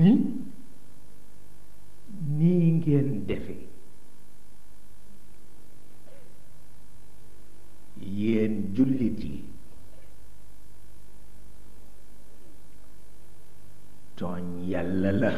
mi nii ngeen defe yéen jullit yi tooñ yàlla la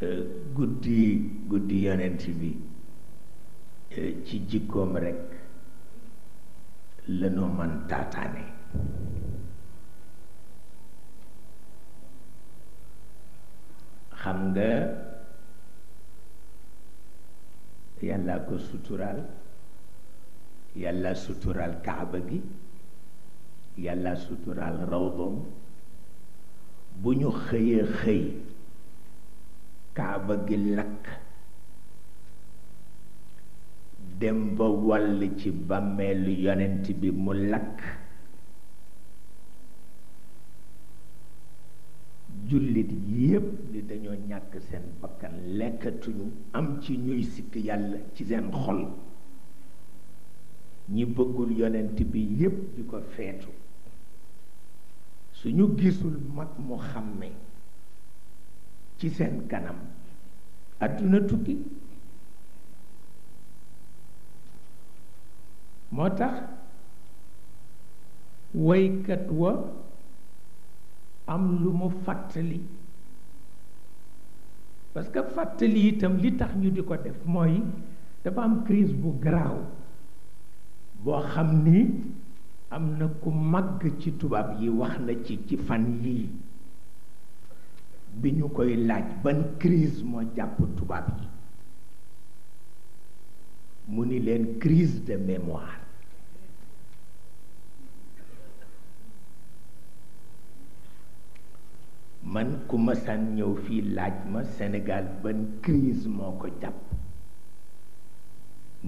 guddi guddi yonent bi eh, ci jikkoom rekk lanu mën taataane xam nga yàlla ko suturaal yàlla suturaal kaaba gi yàlla suturaal rawdoom bu ñu xëyee xëy kaaba gi lakk dem ba wàll ci bàmmeelu yonent bi mu lakk jullit yépp ni dañoo ñàkk seen bakkan lekkatuñu am ci ñuy sikk yàlla ci seen xol ñi bëggul yonent bi yépp di ko feetu su ñu gisul mag mu xàmme ci seen kanam adduna tukki moo tax woykat wa am lu mu fàttali parce que fàttali itam li tax ñu di ko def mooy dafa am crise bu garaaw boo xam ni am na ku màgg ci tubaab yi wax na ci ci fan yii bi ñu koy laaj ban crise mo japp tubaab yi mu ni leen crise de mémoire man ku ma san ñëw fii laaj ma Sénégal ban crise moo ko jàpp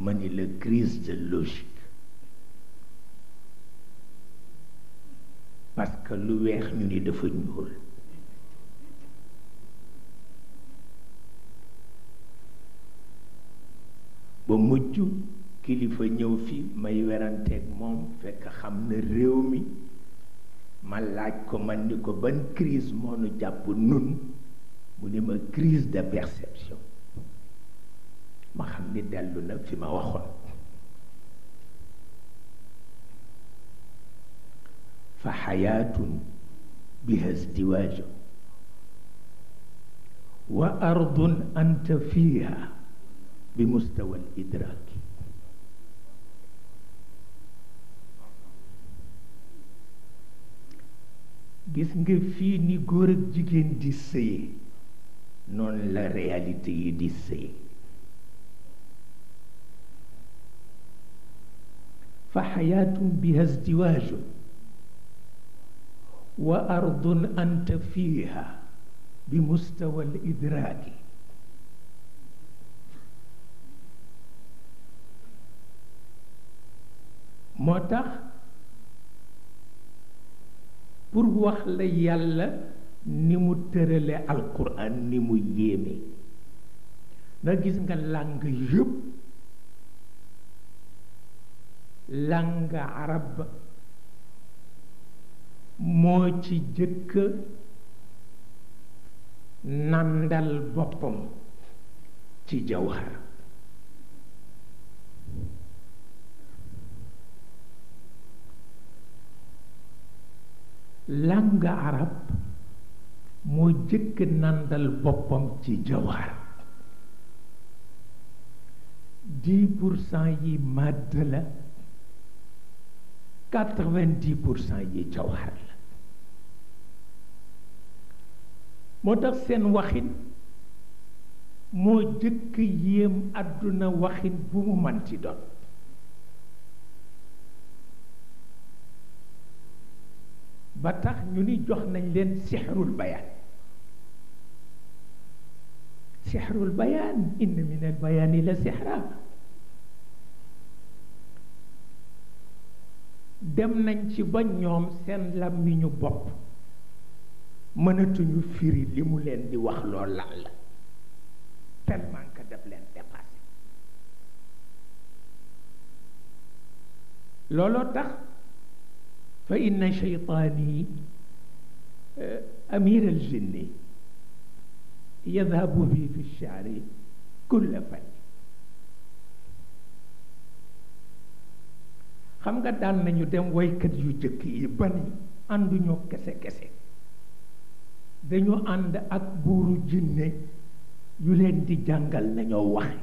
ma ni la crise de logique parce que lu weex ñu ni dafa ñuul ba mujj kilifa ñëw fi may weranteeg moom fekk xam na réew mi ma laaj ko man ni ko ban crise moo nu jàpp nun mu ne ma crise de perception ma xam ni dellu na fi ma waxoon fa xayaatun biha izdiwaaju wa ardun anta fiiha بمستوى الإدراك جسمك في نيغور جيجين دي سي نون لا رياليتي دي سي فحياة بها ازدواج وأرض أنت فيها بمستوى الإدراك motax pour wax la yalla ni mu teurele alquran ni mu yeme da gis nga lang yeb lang arab mo ci jekk nandal bopam ci jawhar làngu arab moo jëkk nàndal boppam ci jawaar dix pour cent yi màdd la yi jawaar la moo tax seen waxin moo jëkk yéem àdduna waxin bu mu manti doon ba tax ñu ni jox nañ leen sixrul bayaan sixrul bayaan inna min al bayaani la sixra dem nañ ci ba ñoom seen làmmiñu bopp mënatuñu firi li mu leen di wax lool lan la tellement que daf leen dépassé looloo tax فإن شيطاني أمير الجن يذهب بي في الشعر كل فن xam nga daan nañu dem woykat yu jëkk yi ba ni ànduñoo kese-kese dañu ànd ak buuru jinne yu leen di jàngal nañoo waxe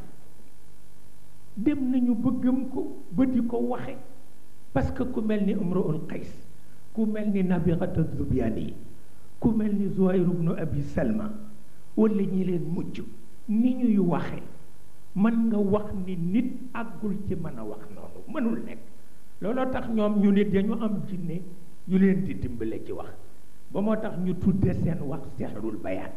dem nañu bëggam ko ba di ko waxe parce que ku mel ni umruul qays ku mel ni nabirata zubyaani yi ku mel ni zuwayr ibnu abi salma wala ñi leen mujj ni ñuy waxe mën nga wax ni nit àggul ci mën a wax noonu mënul nekk looloo tax ñoom ñu nit dañu am jinne yu leen di dimbale ci wax ba moo tax ñu tudde seen wax seexarul bayaan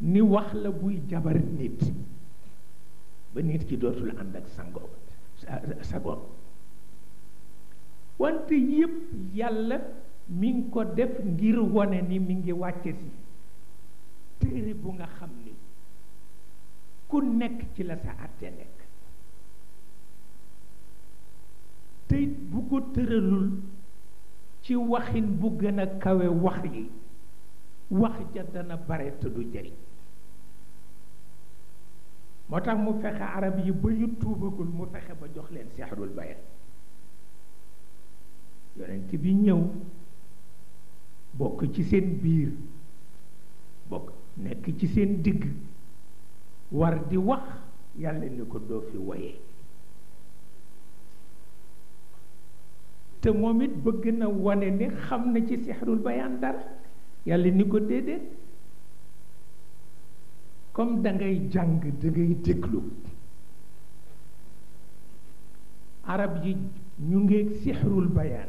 ni wax la buy jabar nit ba nit ki dootul ànd ak sangoo sagoom wante yépp yàlla mi ngi ko def ngir wone ni mi ngi wàcce si téere bu nga xam ni ku nekk ci la sa àtte nekk tey bu ko tëralul ci waxin bu gën a kawe wax yi wax ja dana bare te du motax mu fexe arab yi ba ñu tuubagul mu fexe ba jox leen seexarul bayan yonent bi ñëw bok ci seen biir bok nek ci seen digg war di wax yàlla ne ko do fi waye te momit bëgg na wane ni xam na ci seexarul bayan dara yàlla ni ko déedéet comme da ngay jàng da ngay déglu arab yi ñu ngeeg sixrul bayaan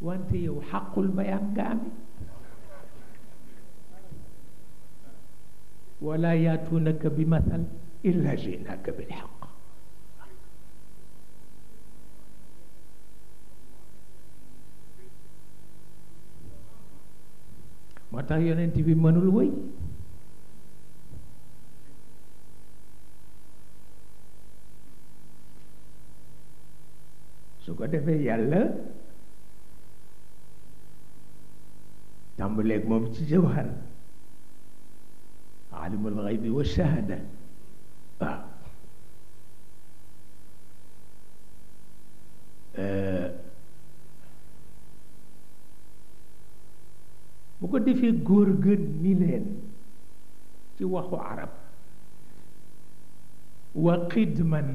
wante yow xaqul bayaan nga ame wala yaatuunaka bi mathal illa jiinaaka bil xaq moo tax yonent bi mënul wëy defee yàlla tàmbaleeg moom ci jawhar alimul xaybi wa shahada waaw bu ko defee góor gën ni leen ci waxu arab wa xidman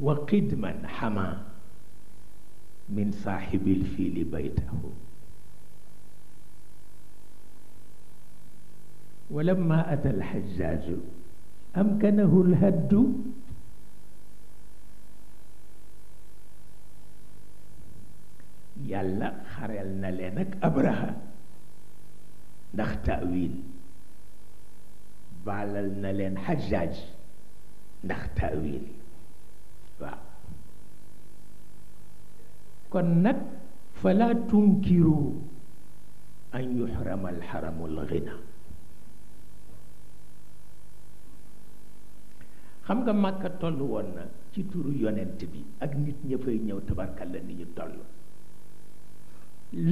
وقدما حما من صاحب الفيل بيته ولما أتى الحجاج أمكنه الهد يلا خرلنا لينك أبرها نختأويل بعللنا لين حجاج نختأويل waaw kon nag fala tunkiru an yuxrama alxaramu xam nga màkka tollu woon na ci turu yonent bi ak nit ña fay ñëw tabarkalla ni ñu toll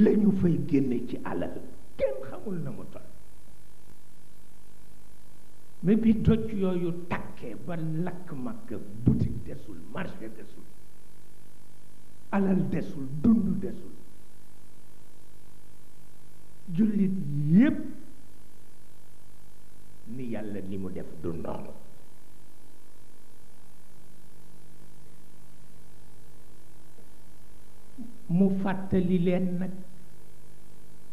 lañu fay génne ci alal kenn xamul na mu toll mais bi yooyu takk ba lakk makka boutique desul marché desul alal desul dund desul jullit yépp ni yàlla li mu def du noonu mu fàttali leen nag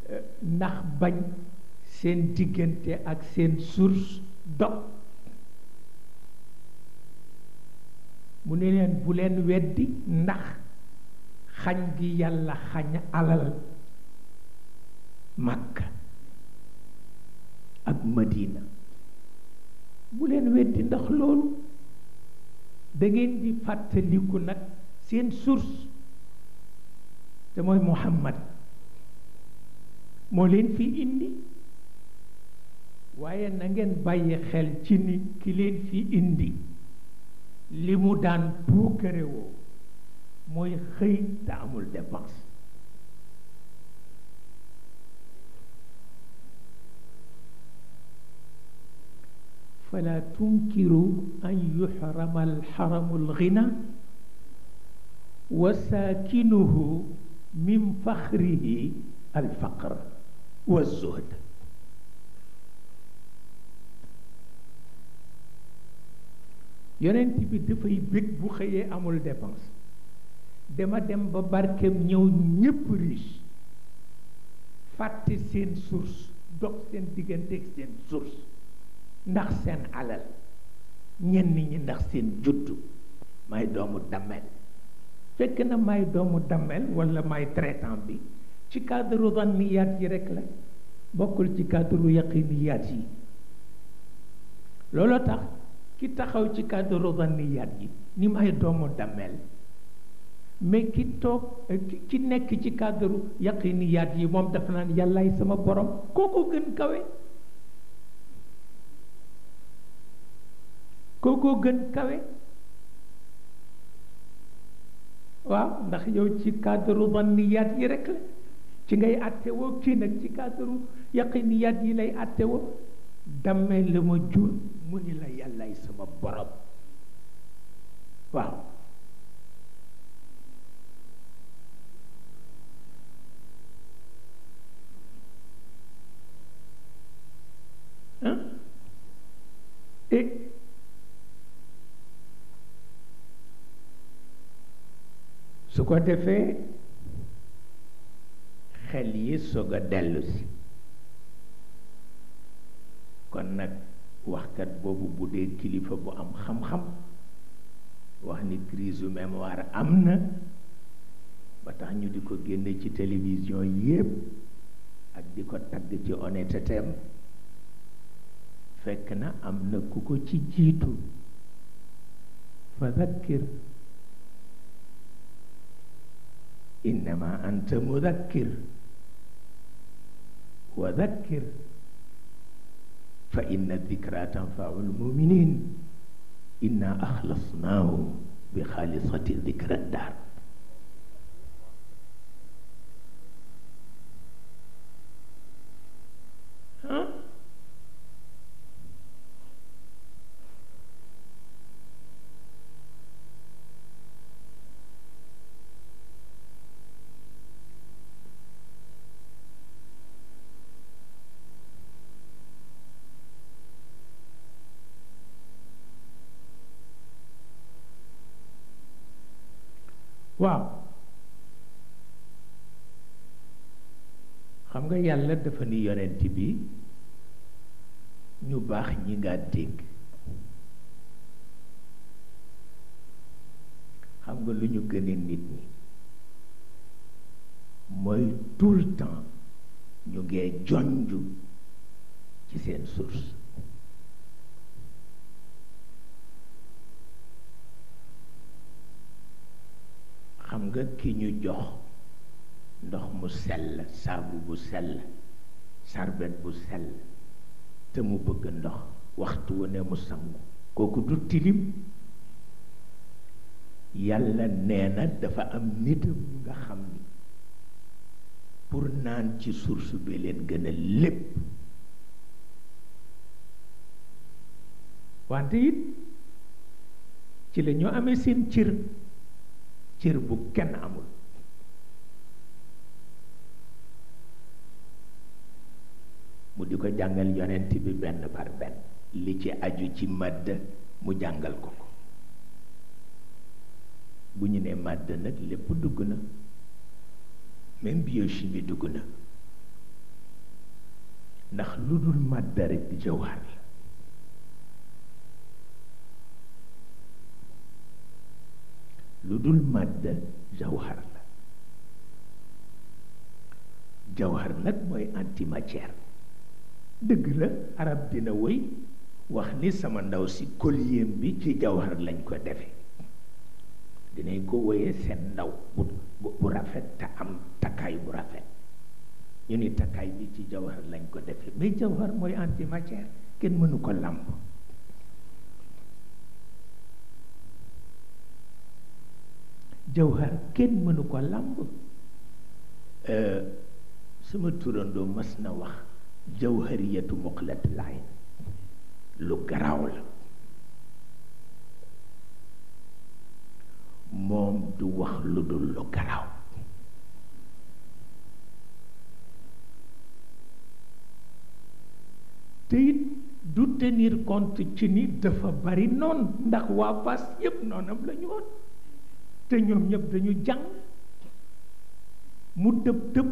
euh, ndax bañ seen diggante ak seen source dog mu ne leen bu leen weddi ndax xañ gi yàlla xañ alal Makka ak Madina bu leen weddi ndax loolu dangeen di fàttaliku nag seen source te mooy Muhammad moo leen fi indi waaye na ngeen bàyyi xel ci ni ki leen fi indi لمدان mu daan puukare woo mooy xëy te amul dépense فلا تنكروا أن يحرم الحرم الغنى وساكنه من فخره الفقر والزهد yonent bi dafay bég bu xëyee amul dépense dama dem ba barkeem ñëw ñépp riche fàtte seen source dox seen diggante ak seen source ndax seen alal ñenn ñi ndax seen juddu may doomu dammel fekk na may doomu dammel wala may traitant bi ci cadre zanniyaat yi rek la bokkul ci cadre yaqiniyaat yi looloo tax ki taxaw ci cadre rodaniyat yi ni may doomu damel mais ki toog ki nekk ci cadre yaqiniyat yi moom dafa naan yàllaay sama borom kooku gën kawe kooku gën kawe waaw ndax yow ci cadre rodaniyat yi rek ci ngay àttewoo kii nag ci cadre yaqiniyat yi lay àttewoo damel la ma jur mu ni la yàllaay sama borom waaw et hein? eh? su ko defee xel yi soog a dellu si kon nag waxkat boobu bu dee kilifa bu am xam-xam wax ni crise mémoire am na ba tax ñu di ko génne ci télévision yépp ak di ko tagg ci honnêteté am fekk na am na ku ko ci jiitu fa dhakkir innama anta mudhakkir wa dhakkir فإن الذكرى تنفع المؤمنين إنا أخلصناهم بخالصة ذكرى الدار yàlla dafa ni yonent bi ñu baax ñi nga dégg xam nga lu ñu gëne nit ñi mooy tout le temps ñu ngee jonju ci seen source xam nga ki ñu jox ndox mu sell saabu bu sell sarbet bu sell te mu bëgg ndox waxtu wu ne mu sangu kooku du tilim yàlla nee na dafa am nitam ñu nga xam ni pour naan ci source bi leen gën lépp wante it ci la ñoo amee seen cër cër bu kenn amul mu di ko jàngal yonent bi benn par benn li ci aju ci màdd mu jàngal ko ko bu ñu nee màdd nag lépp dugg na même biochimie dugg na ndax lu dul màdd rek jawaar la lu dul màdd jawaar la jawaar nag mooy antimatière dëgg la arab dina woy wax ni sama ndaw si collier bi ci jawhar lañ ko defe dinañ ko woyee seen ndaw bu bu rafet te am takkaayu bu rafet ñu ni takkaay bi ci jawhar lañ ko defe mais jawhar mooy antimatière kenn mënu ko làmb jawhar kenn mënu ko làmb euh, sama turandoo mas na wax jawhariyatu muqlat laay lu garaaw la moom du wax lu dul lu garaaw te du tenir compte ci ni dafa bari noon ndax waa Fass yépp noonam la woon te ñoom ñëpp dañu jàng mu tëb tëb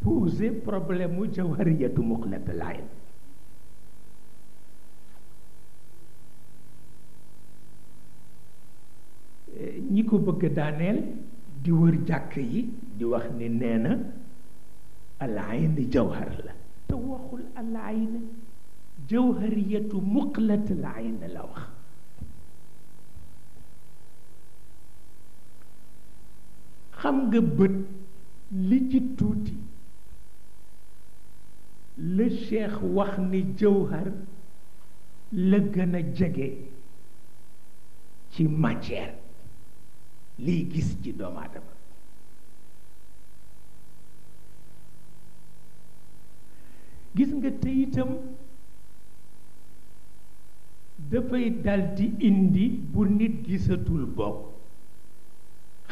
posé problème mu jawariyatu muqlat ñi ko bëgg daaneel di wër jàkk yi di wax ni neena na alayn jawhar la te waxul alayn jawhariyatu muqlat alayn la wax xam nga bët li ci tuuti le cheikh wax ni jëwhar la gën a jege ci matière liy gis ci doomu gis nga te itam dafay daldi indi bu nit gisatul bopp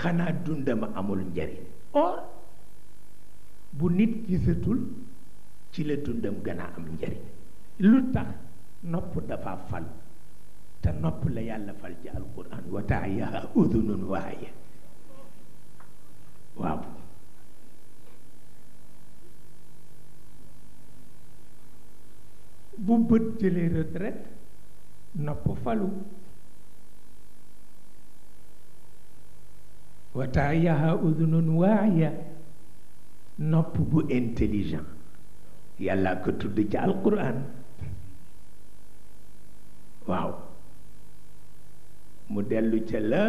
xanaa dundam amul njariñ or bu nit gisatul ci la dundam gën a am njariñ lu tax nopp dafa fal te nopp la yàlla fal ci alquran wa taayaha udunun waaye waaw bu bët jëlee retraite nopp falu wa taayaha udunun waaye nopp bu intelligent yàlla ko tudd ci alquran waaw mu dellu ca la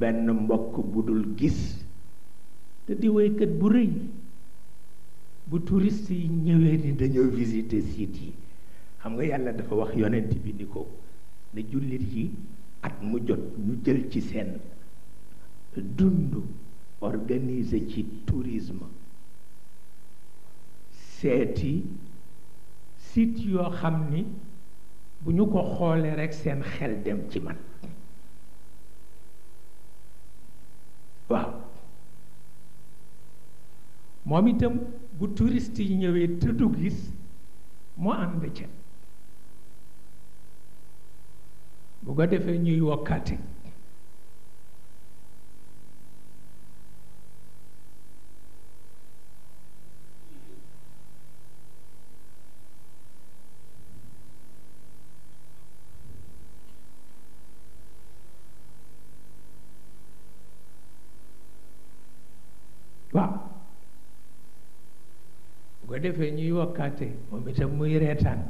benn mbokk bu dul gis te di waykat bu rëy bu touriste yi ñëwee ni dañoo visiter site yi xam nga yàlla dafa wax yonent bi ni ko ne jullit yi at mu jot ñu jël ci seen dund organiser ci tourisme seeti site yoo xam ni bu ñu ko xoolee rekk seen xel dem ci man waaw moom itam bu touriste yi ñëwee te gis mu ànd ca bu ko defee ñuy wokkati وكاتي ومتموي ريتان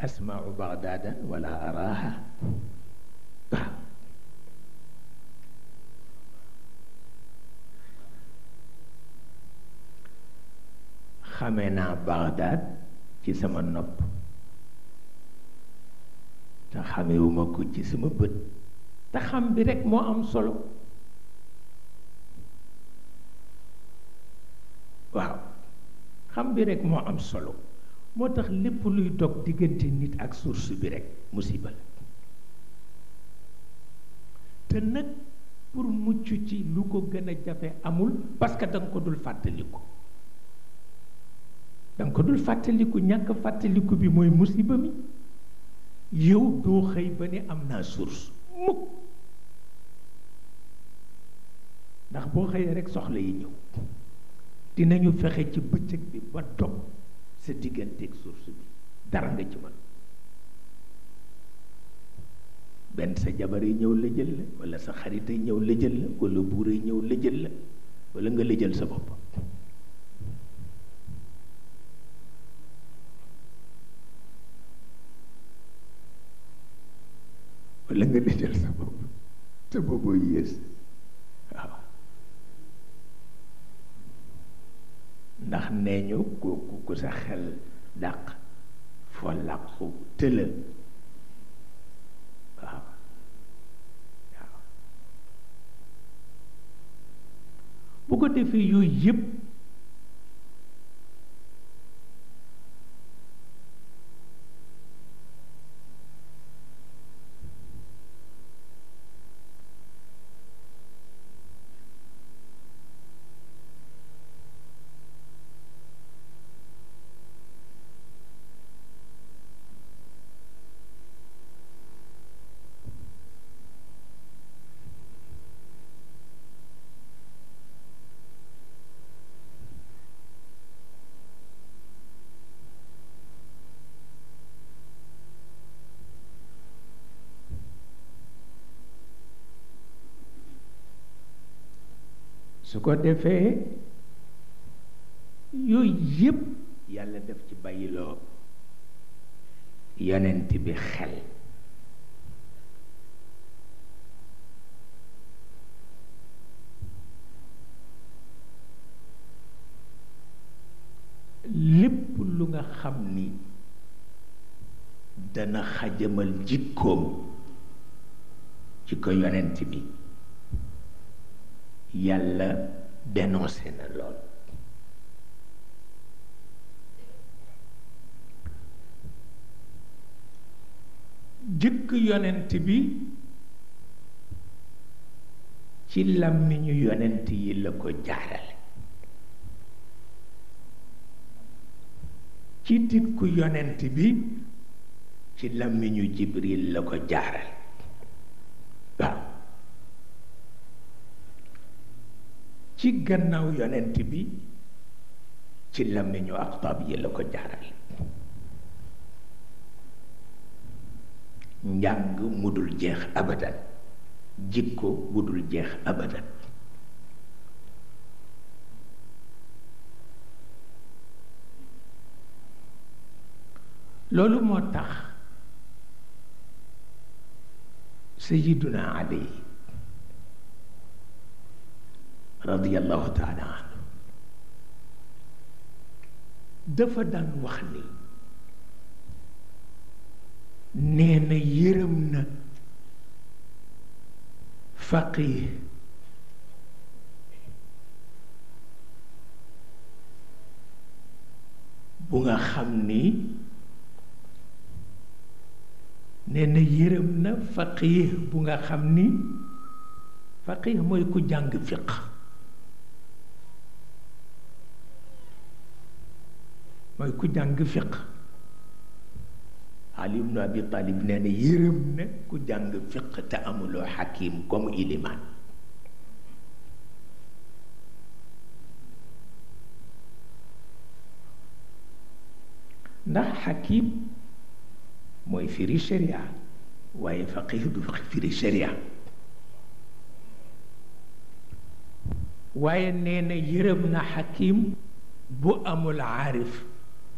أسمع بغدادا ولا أراها خمنا بغداد في سما النب تخمي ومكو في سما بد تخم بريك مو أم صلو واو xam bi rek moo am solo moo tax lépp luy dog diggante nit ak source bi rekk musiba la te nag pour mucc ci lu ko gën a jafe amul parce que da ko dul fàttaliku da ko dul fàttaliku ñàkk fàttaliku bi mooy musiba mi yow doo xëy ba ne am naa source mukk ndax boo xëyee rek soxla yi ñëw dinañu fexe ci bëccëg bi ba dog sa digganteeg source bi dara nga ci mën benn sa jabar yi ñëw la jël la wala sa xarit yi ñëw la jël la wala buur yi ñëw la jël la wala nga la jël sa bopp wala nga la sa bopp te booboo yées ndax nee ñu kooku ku sa xel dàq foo làqu tëla waaw bu ko defee yooyu yëpp su ko defee yooyu yëpp yàlla def ci bàyyiloo yonent bi xel lépp lu nga xam ni dana xajamal jikkoom ci ko yonent bi yàlla dénoncé na lool jëkk yonent bi ci làmmiñu yonent yi la ko jaarale ci dit ku yonent bi ci làmmiñu jibril la ko jaarale ci gannaaw yonent bi ci làmmiñu Axtab yi la ko jaarale njàng mu dul jeex abadan jikko bu dul jeex abadan loolu moo tax Sayyiduna Ali رضي الله تعالى عنه دفدا وخني نين يرمنا فقيه بغا خمني نين يرمنا فقيه بغا خمني فقيه مو يكو جانج فقه moy ku jàng fiq Ali ibn Abi Talib nee na yërëm na ku jàng fiq ta amulo hakim comme iliman ndax hakim moy firi sharia waye faqih du firi sharia waye nee na yërëm na xakim bu amul arif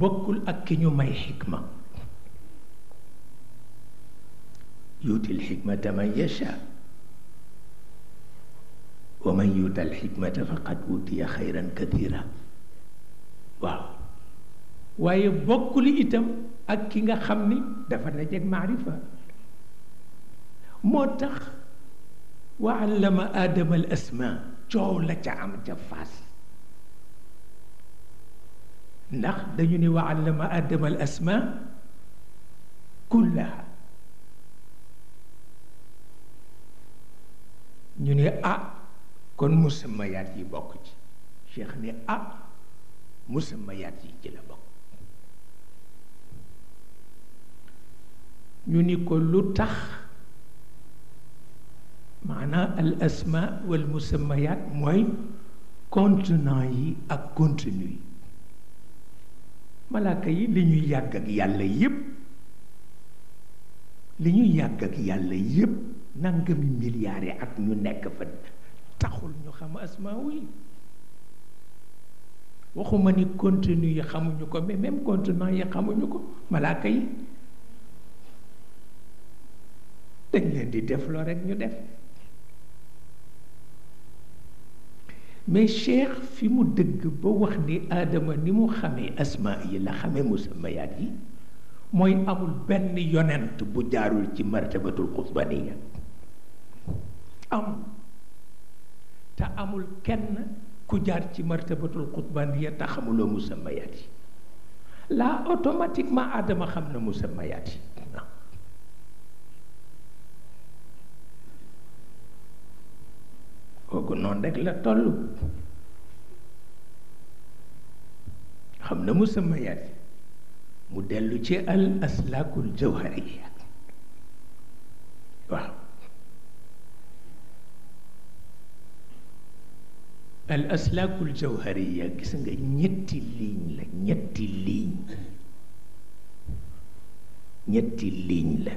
بكل أكينو ماي حكمة يؤتي الحكمة ما يشاء ومن يوتي الحكمة فقد أوتي خيرا كثيرا واو واي بكل إتم أكينغا خمني دفن لجيك معرفة موتخ وعلم آدم الأسماء جولة عم جفاسي ndax dañu ne wa allama adama al asma kullaha ñu ne ah kon musammayaat yi bokk ci cheikh ne ah musammayaat yi ci la bokk ñu ni ko lu tax maanaa al asma wal musammayaat mooy contenant yi ak contenu yi malaaka yi li ñuy yàgg ak yàlla yépp li ñuy yàgg ak yàlla yépp nangami milliards at ñu nekk fa taxul ñu xam asmaaw yi waxuma ni contenu yi xamuñu ko mais même contenant yi xamuñu ko malaaka yi dañ leen di def loo rek ñu def ما شيخ في مدق بوخني آدم نمو خمي أسماء يلا خمي مسمى يعني موي أقول بني يوننت بجارو لكي مرتبة القطبانية أم تأمل كن كجار لكي مرتبة القطبانية تخمو لو مسمى لا أوتوماتيك آدم خمنا مسمى ko noon rekk la toll xam na mu sama yaat mu dellu ci al aslaakul jawhariya waaw al gis nga ñetti ligne la ñetti ligne ñetti ligne la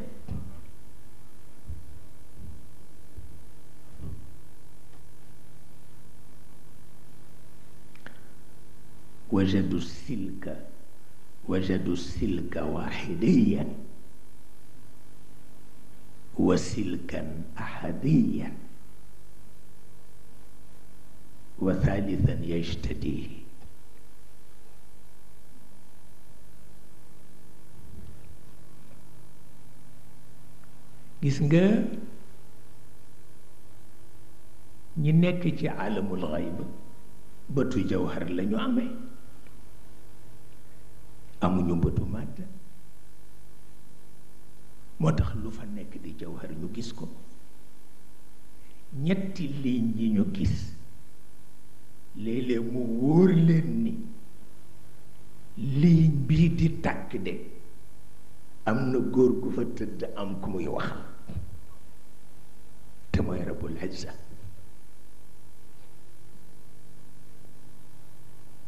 وجدوا السلك وجدوا السلك واحديا وسلكا أحديا وثالثا يجتديه gis nga ñi nekk ci alamul xayb bëtu jawhar la ñu amee amuñu mbëtu màdd moo tax lu fa nekk di jawhar ñu gis ko ñetti ligne yi ñu gis léeg-léeg mu wóor ni ligne bii di tàkk de am na góor gu fa tëdd am ku muy wax te mooy rabbul izza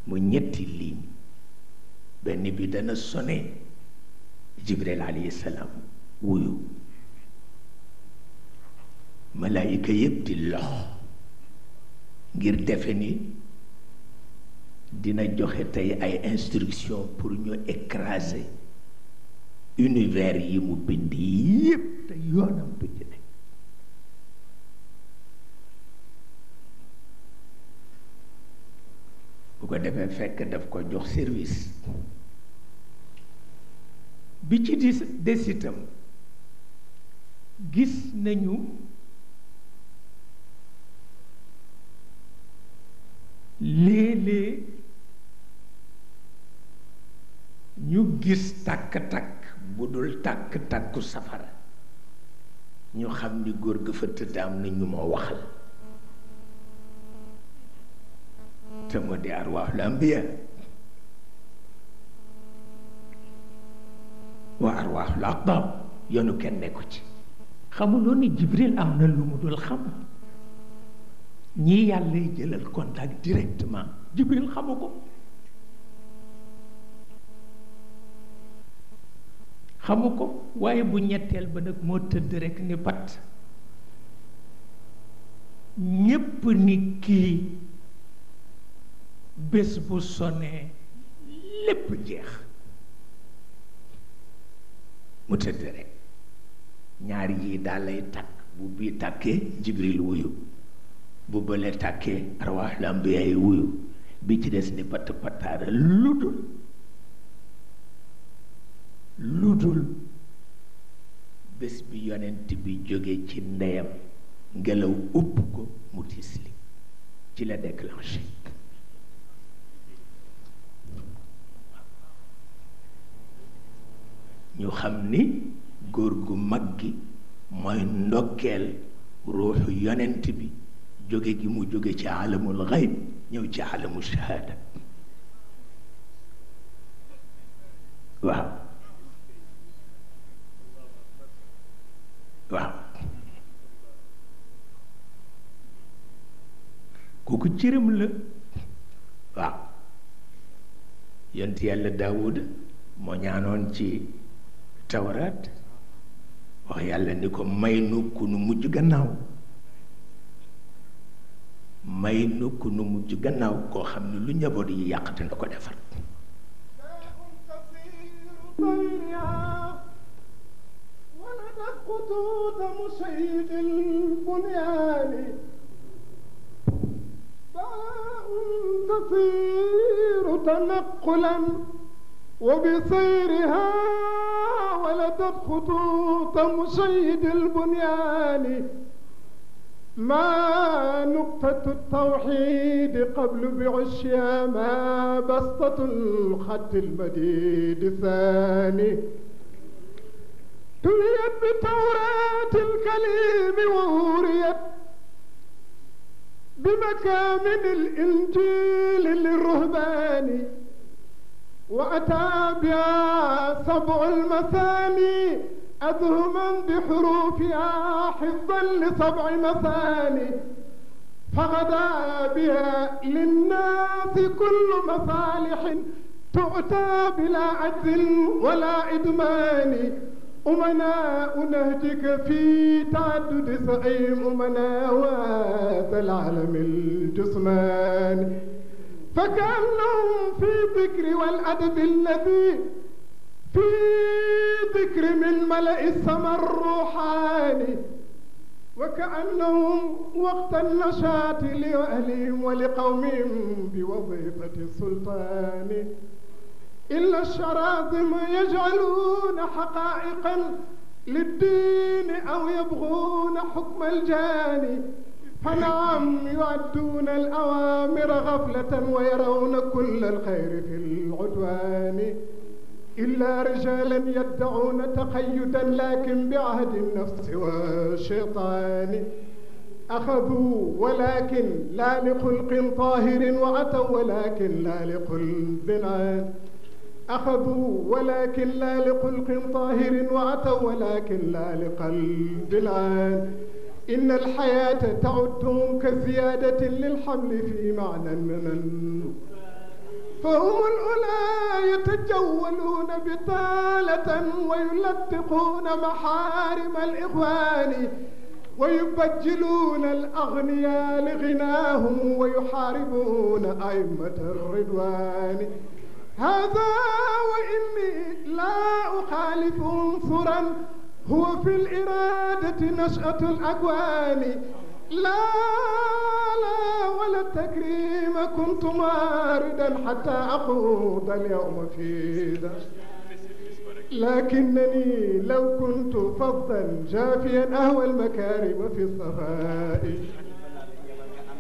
mu ñetti ligne benn bi dana sone jibril alayhi salaam wuyu malaayika yëpp di lox ngir defe ni dina joxe tey ay instruction pour ñu écraser univers yi mu bind yëpp te yoonam du ci bu ko defee fekk daf ko jox service bi ci di des itam gis nañu léeg-léeg ñu gis tàkk-tàkk bu dul tàkk-tàkku safara ñu xam ni góor ga fa tëdd na ñu ma waxal te moo di arwaahul ambiya wa arwaaxul aqdaam yoonu kenn nekku ci xamuloo ni jibril am na lu mu dul xam ñii yàlla jëlal contact directement jibril xamu ko xamu ko waaye bu ñetteel ba nag moo tëdd rekk ni pat ñépp ni ki bés bu sonee lépp jeex mu tëdd rek ñaar yii daal lay takk bu bii takkee jibril wuyu bu bële takkee arwaax lambiya yi wuyu bi ci des ni patt pattaara lu dul lu dul bés bi yonent bi jóge ci ndeyam ngelaw upp ko mu tiis li ci la déclenché ñu xam ni góor gu mag gi mooy ndokkeel ruuxu yonent bi jóge gi mu jóge ci alamul xayb ñëw ci alamu shahaada waaw waaw kooku cërëm la waaw yonent yàlla daawuda moo ñaanoon ci tawraat wax yàlla ni ko may nu nu mujj gannaaw may nu ku nu mujj gannaaw koo xam ne lu njaboot yi yàq dina ko defar تسير تنقلا وبسيرها خالدت خطوط مسيد البنيان ما نقطة التوحيد قبل بعشيا ما بسطة الخط المديد ثاني تليت بتوراة الكليم ووريت بمكامن الإنجيل للرهباني وأتى بها سبع المثاني أذهما بحروفها حفظا لسبع مثاني فغدا بها للناس كل مصالح تؤتى بلا عجز ولا إدمان أمناء نهجك في تعدد سعيم أمناء وهذا العالم الجسماني فكأنهم في ذكر والأدب الذي في ذكر من ملأ السماء الروحاني وكأنهم وقت النشاط لأهلهم ولقومهم بوظيفة السلطان إلا الشراذم يجعلون حقائقا للدين أو يبغون حكم الجاني فنعم يؤدون الأوامر غفلة ويرون كل الخير في العدوان إلا رجالا يدعون تقيدا لكن بعهد النفس والشيطان أخذوا ولكن لا لخلق طاهر وعتوا ولكن لا لقلب عاد أخذوا ولكن لا لخلق طاهر وعتوا ولكن لا لقلب العاد إن الحياة تعدهم كزيادة للحمل في معنى المنن فهم الأولى يتجولون بطالة ويلتقون محارم الإخوان ويبجلون الأغنياء لغناهم ويحاربون أئمة الرضوان هذا وإني لا أخالف عنصرا هو في الإرادة نشأة الأكوان لا لا ولا التكريم كنت ماردا حتى أخوض اليوم في ده لكنني لو كنت فظا جافيا أهوى المكارم في الصفاء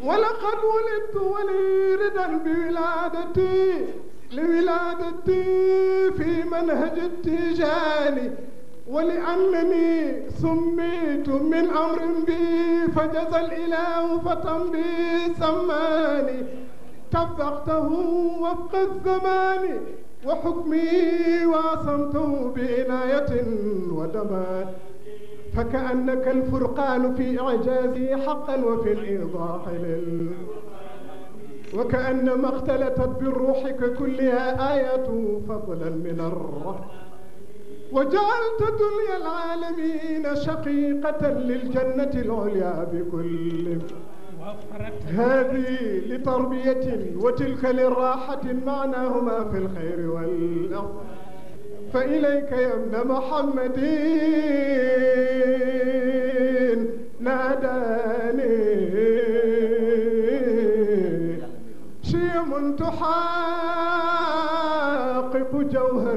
ولقد ولدت وليدا بولادتي لولادتي في منهج التجاني ولأنني سميت من أمر بي فجزى الإله فطن بي سماني طبقته وفق الزمان وحكمي واصمته بعناية ودمان فكأنك الفرقان في إعجازي حقا وفي الإيضاح لل وكأنما اختلطت بالروح ككلها آية فضلا من الرحمن وجعلت دنيا العالمين شقيقة للجنة العليا بكل هذه لتربية وتلك للراحة معناهما في الخير والأرض فإليك يا ابن محمد ناداني شيم تحاقق جوهر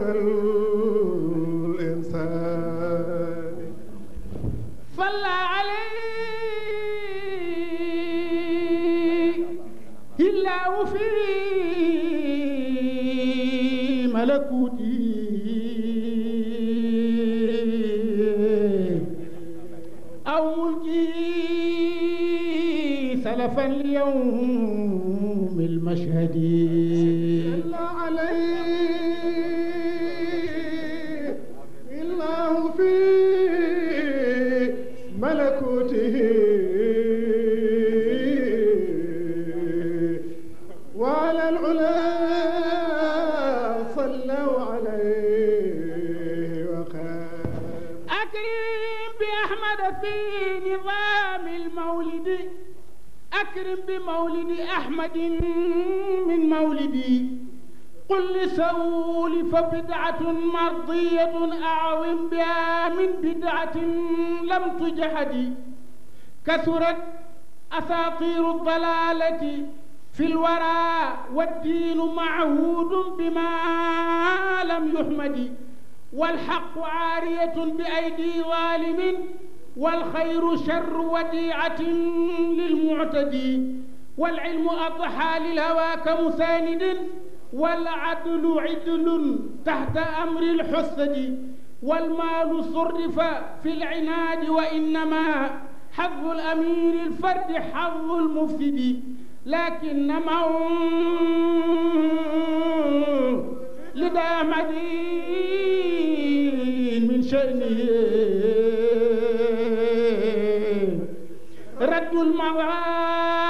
بدر بمولد أحمد من مولدي قل لسول فبدعة مرضية أعظم بها من بدعة لم تجحد كثرت أساطير الضلالة في الورى والدين معهود بما لم يحمد والحق عارية بأيدي ظالم والخير شر وديعة للمعتدي والعلم أضحى للهوى كمساند والعدل عدل تحت أمر الحسد والمال صرف في العناد وإنما حظ الأمير الفرد حظ المفسد لكن من لدى مدين من شأنه المعاد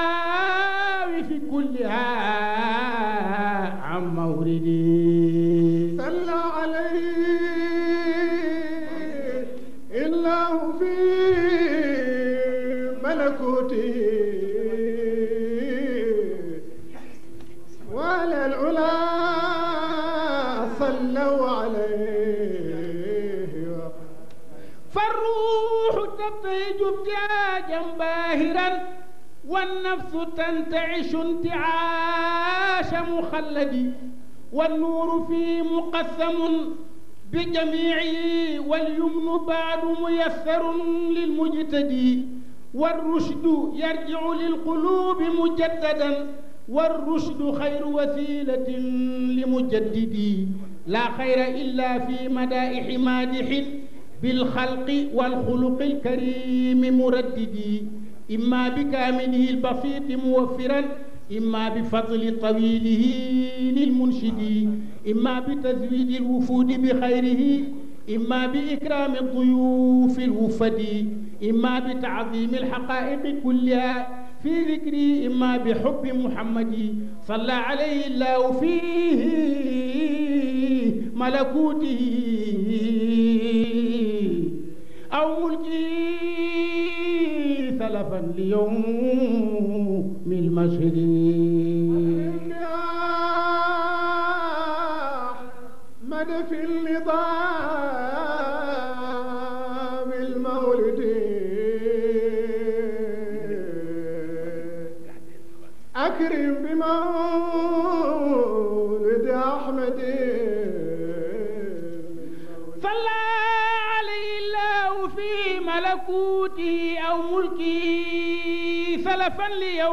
زاهرا والنفس تنتعش انتعاش مخلدي والنور فيه مقسم بجميعه واليمن بعد ميسر للمجتدي والرشد يرجع للقلوب مجددا والرشد خير وسيلة لمجددي لا خير إلا في مدائح مادح بالخلق والخلق الكريم مرددي إما بكامله البسيط موفرا إما بفضل طويله للمنشد إما بتزويد الوفود بخيره إما بإكرام الضيوف الوفد إما بتعظيم الحقائق كلها في ذكري إما بحب محمد صلى عليه الله فيه ملكوته أو ملكه اليوم من المسجد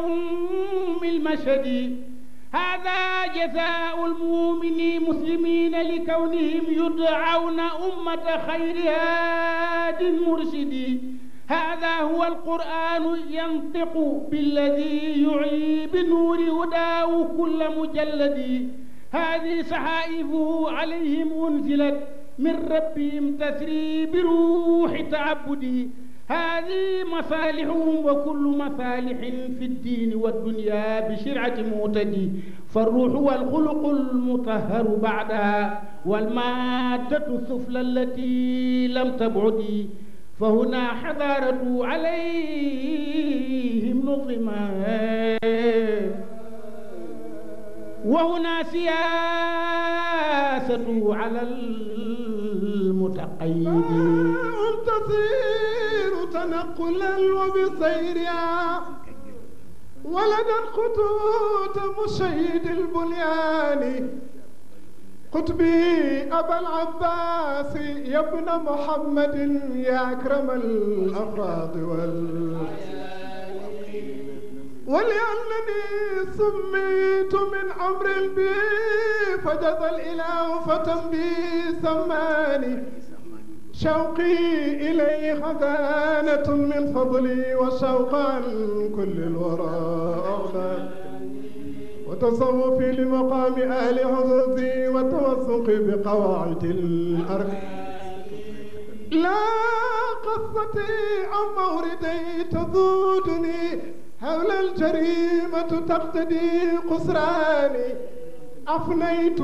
لهم المشهد هذا جزاء المؤمنين مسلمين لكونهم يدعون أمة خير هاد مرشد هذا هو القرآن ينطق بالذي يعي بنور هداه كل مجلد هذه صحائفه عليهم أنزلت من ربهم تسري بروح تعبدي هذه مصالحهم وكل مصالح في الدين والدنيا بشرعة معتدي فالروح والخلق المطهر بعدها والمادة السفلى التي لم تبعد فهنا حضارة عليهم نظما وهنا سياسة على المتقيدين آه، نقلا وبطيرها ولدى الخطوط مشيد البليان قطبي أبا العباس يا ابن محمد يا أكرم الأفراد وال ولأنني سميت من أمر البي فجد الإله فتنبي سماني شوقي إليه خزانة من فضلي وشوقا كل الورى أغلى وتصوفي لمقام أهل حظوظي وتوثقي بقواعد الأركان لا قصتي أو موردي تذودني هول الجريمة تقتدي قسراني أفنيت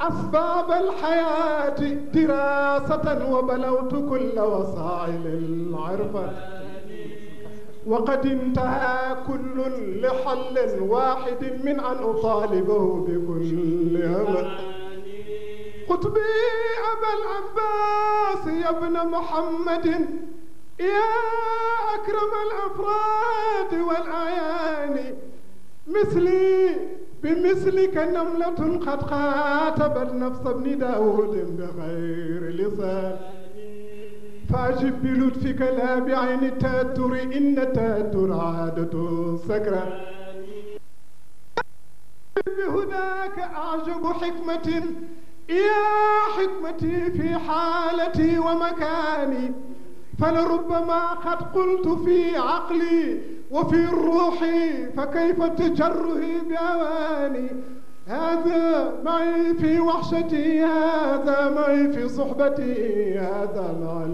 أسباب الحياة دراسة وبلوت كل وسائل العرفة وقد انتهى كل لحل واحد من أن أطالبه بكل أمل قطبي أبا العباس يا ابن محمد يا أكرم الأفراد والأعيان مثلي بمثلك نملة قد خاتبت نفس ابن داود بغير لسان فأجب بلطفك لا بعين التأثر إن التأثر عادة سكران بهداك أعجب حكمة يا حكمتي في حالتي ومكاني فلربما قد قلت في عقلي وفي الروح فكيف تجره بأواني هذا معي في وحشتي هذا معي في صحبتي هذا مع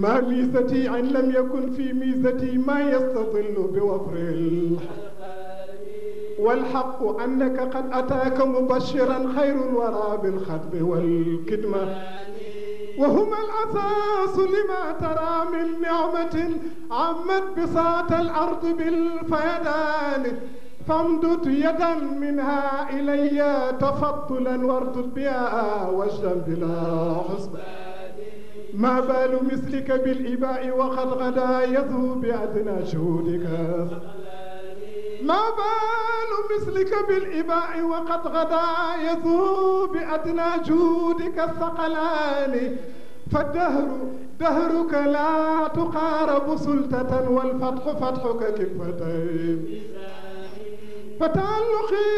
ما ميزتي أن لم يكن في ميزتي ما يستظل بوفر الحق والحق أنك قد أتاك مبشرا خير الورى بالخطب والكدمة وهما الأساس لما ترى من نعمة عمت بساط الأرض بالفيدان فامدد يدا منها إلي تفضلا واردد بها وجدا بلا حسبان ما بال مثلك بالإباء وقد غدا يذوب بأدنى جهودك ما بال مثلك بالإباء وقد غدا يذوب بأدنى جودك الثقلان فالدهر دهرك لا تقارب سلطة والفتح فتحك كفتين فتعلقي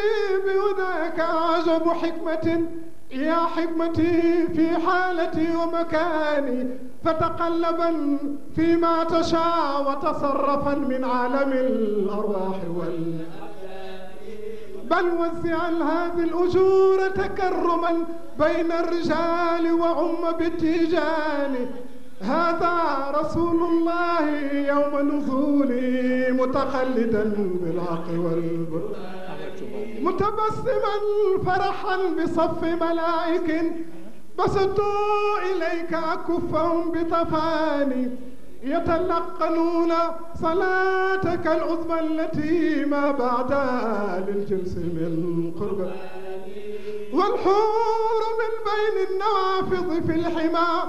بهداك أعجب حكمة يا حكمتي في حالتي ومكاني فتقلبا فيما تشاء وتصرفا من عالم الأرواح وال بل وزع هذه الأجور تكرما بين الرجال وعم بالتيجان هذا رسول الله يوم نزولي متخلدا بالعق والبر متبسما فرحا بصف ملائك بسطوا إليك أكفهم بطفاني يتلقنون صلاتك العظمى التي ما بعدها للجنس من قرب والحور من بين النوافذ في الحمى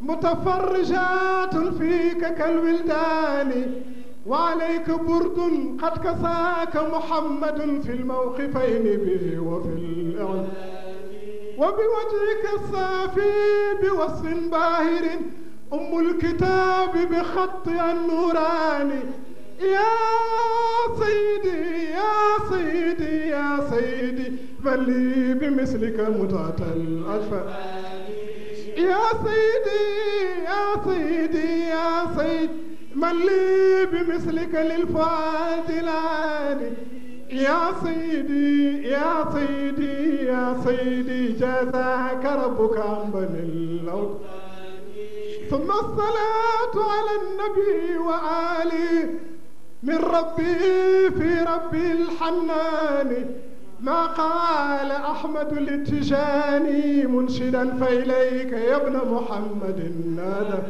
متفرجات فيك كالولدان وعليك برد قد كساك محمد في الموقفين به وفي الإعلام وبوجهك الصافي بوصف باهر أم الكتاب بخط النوراني يا سيدي يا سيدي يا سيدي فلي بمثلك متعة الأشفى يا سيدي يا سيدي يا سيدي من لي بمثلك للفاضلاني يا سيدي يا سيدي يا سيدي جزاك ربك عن بني الأرض ثم الصلاة على النبي وآله من ربي في ربي الحنان ما قال أحمد للتجاني منشدا فإليك يا ابن محمد نادى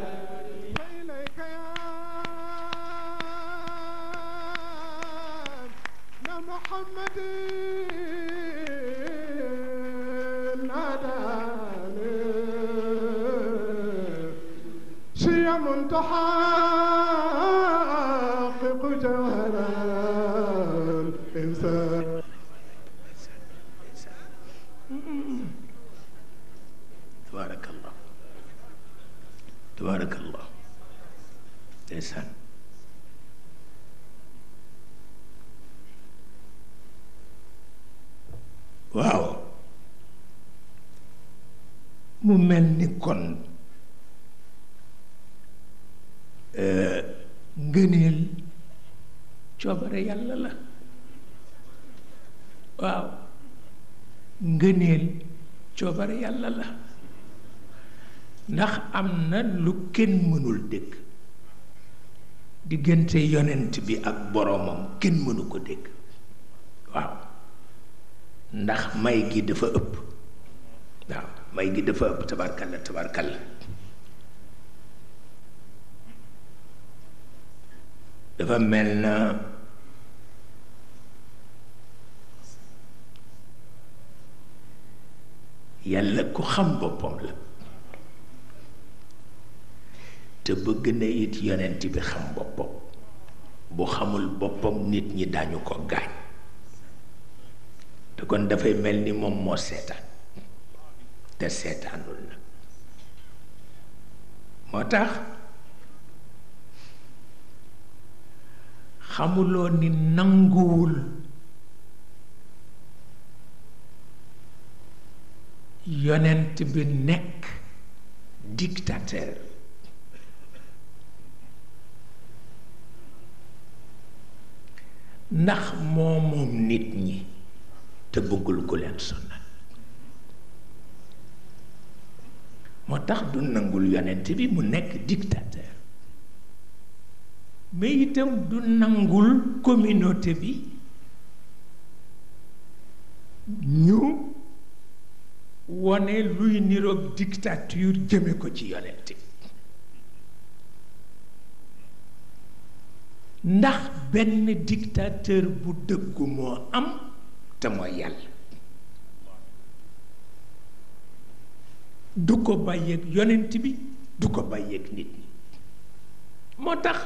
تحقق جوهر الإنسان تبارك الله تبارك الله الإنسان واو mu mel ni Eh, ngëneel coobare yàlla la waaw ngëneel coobare yàlla la ndax am na lu kenn mënul dégg diggante yonent bi ak boroomam kenn mënu ko dégg waaw ndax may gi dafa ëpp waaw may gi dafa ëpp tabarkalla tabarkalla Det var mellom yàlla ku xam boppam la te bëgg na it yonent bi xam boppam bu xamul boppam nit ñi dañu ko gaañ te kon dafay mel ni moom moo seetaan te seetaanul na moo tax xamuloo ni nanguwul yonent bi nekk dictateur ndax moo nit ñi te bëggul ku leen sonal moo tax du nangul yonent bi mu nekk dictateur mais itam du nangul communauté bi ñu wone luy niroog dictature jëme ko ci yonent bi ndax benn dictateur bu dëggu moo am te mooy yàlla du ko bàyyeeg yonent bi du ko bàyyeeg nit ñi moo tax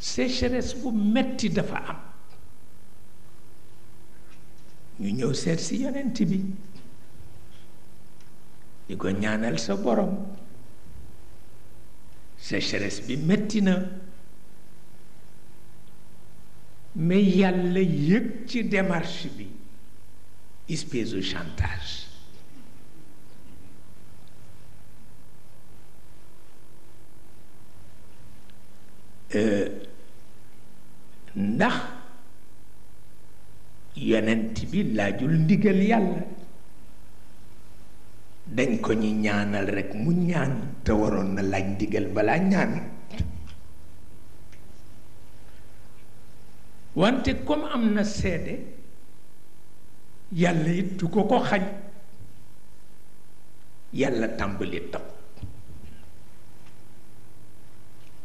sécheresse bu metti dafa am ñu ñëw seet si yonent bi di ko ñaanal sa borom sécheresse bi metti na mais yàlla yëg ci démarche bi espèce de chantage euh, ndax yonent bi laajul ndigal yàlla dañ ko ñu ñaanal rekk mu ñaan te waroon na laaj ndigal balaa ñaan wante comme am na seede yàlla it du ko ko xaj yàlla tàmbali taw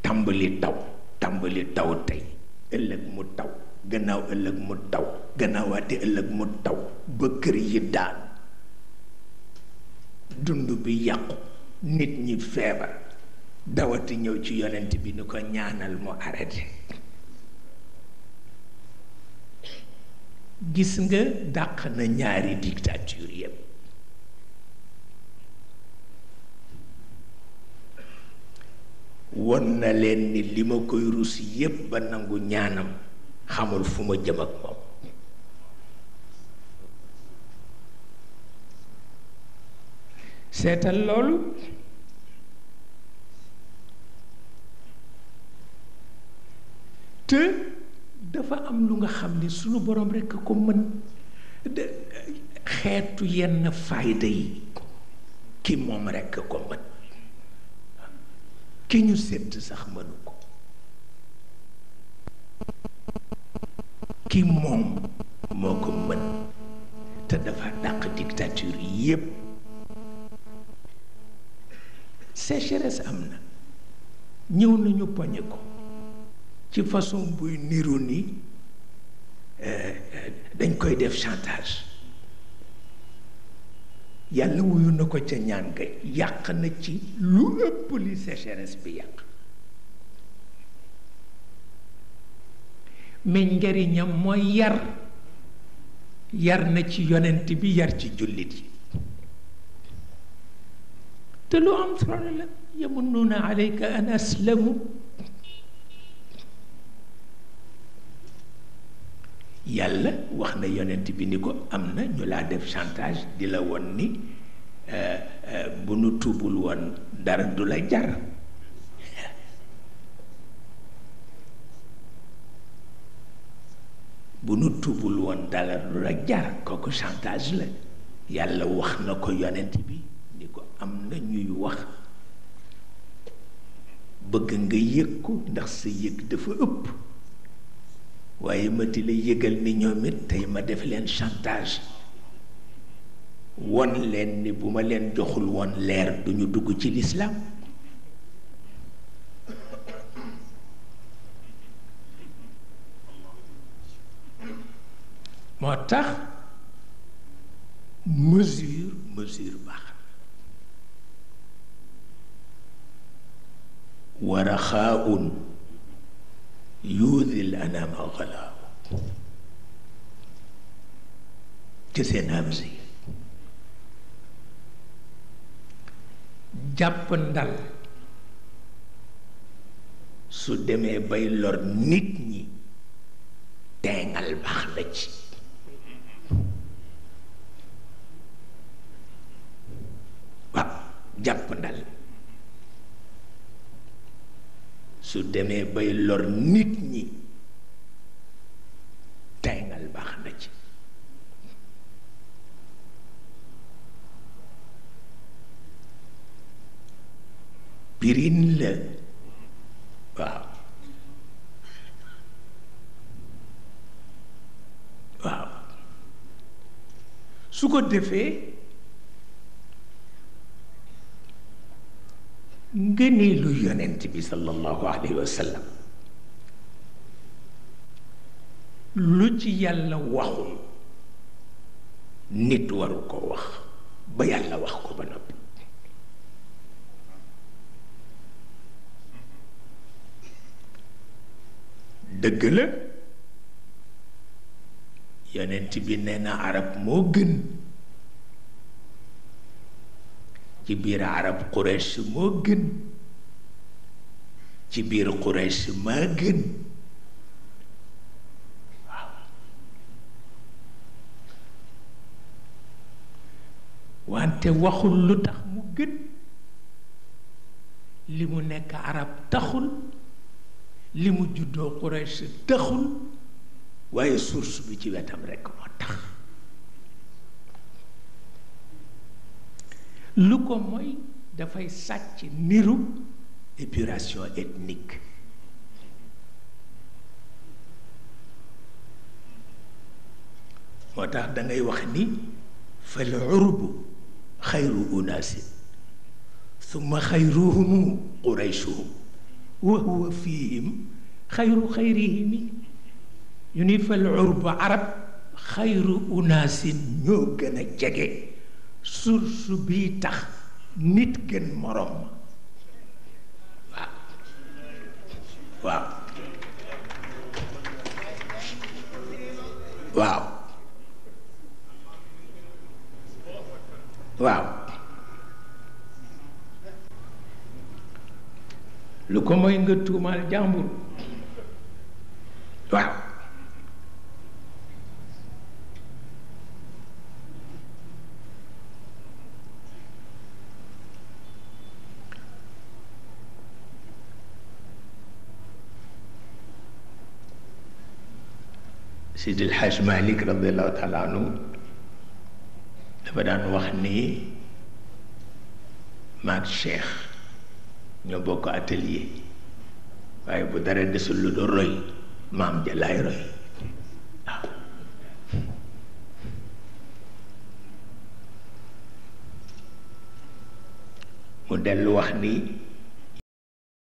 tàmbali taw tàmbali taw tey ëllëg mu taw gannaaw ëllëg mu taw gannaawaate ëllëg mu taw ba kër yi daan dund bi yàqu nit ñi feebar dawati ñëw ci yonent bi ni ko ñaanal mu arrêté gis nga dàq na ñaari dictature yépp won na leen ni li ma koy rus yépp ba nangu ñaanam xamul fu ma jëm ak moom seetal loolu te dafa am lu nga xam ni sunu boroom rekk ko mën de xeetu yenn fayda yi ki moom rekk ko mën ki ñu sédd sax mënu ko ki moom moo ko mën te dafa dàq dictature yépp sécheresse am na ñëw nañu poñe ko ci façon buy niru ni euh, euh, dañ koy def chantage yàlla wuyu na ko ca ñaan ga yàq na ci lu ëpp li sécheresse bi yàq mais njariñam mooy yar yar na ci yonent bi yar ci jullit yi te lu am solo la yamunnuuna alayka an aslamu yàlla wax na yonent bi ni ko am na ñu laa def chantage di la woon ni euh, euh, bu nu tuubul woon dara du la jar bu nu tuubul woon dara jar kooku chantage la yàlla wax na ko yonent bi ni ko am na ñuy wax bëgg nga yëg ko ndax sa yëg dafa ëpp waye ma di la yëgal ni ñoomit tay ma def leen chantage won leen ni bu ma leen joxul won leer duñu dugg ci l'islam moo tax mesure mesure baax waraxaaun yuusi l anaama xalaahu ci seen am jàpp ndal su demee bay lor nit ñi teengal baax na ci jàpp ndal su demee bay lor nit ñi tàyngal baax na ci pirin la waaw waaw su ko defee ngëneelu yonent bi sallallahu alayhi wa sallam lu ci yàlla waxul nit waru ko wax ba yàlla wax ko ba noppi dëgg la yonent bi nee na arab moo gën ci biir arab Quraysh moo gën ci biir Quraysh maa gën waaw wante waxul lu tax mu gën li mu nekk arab taxul li mu juddoo Quraysh taxul waaye source bi ci wetam rekk moo tax lu ko mooy dafay sàcc niru épuration ethnique moo tax da ngay wax ni fal urbu xayru unaasin summa xayruhumu quraychuhum wa huwa fihim xayru xayrihimi ñu ni fal urbu arab xayru unaasin ñoo gën a jege source bii tax nit gën moroom ma waaw waaw waaw lu ko mooy nga tuumaal jàmbur waaw Sidil Hadj Malick radiallahu taala anhu dafa daan wax ni maag cheikh ñoo bokk atelier waaye bu dara desul lu do roy maam ja laay roy waaw mu dellu wax ni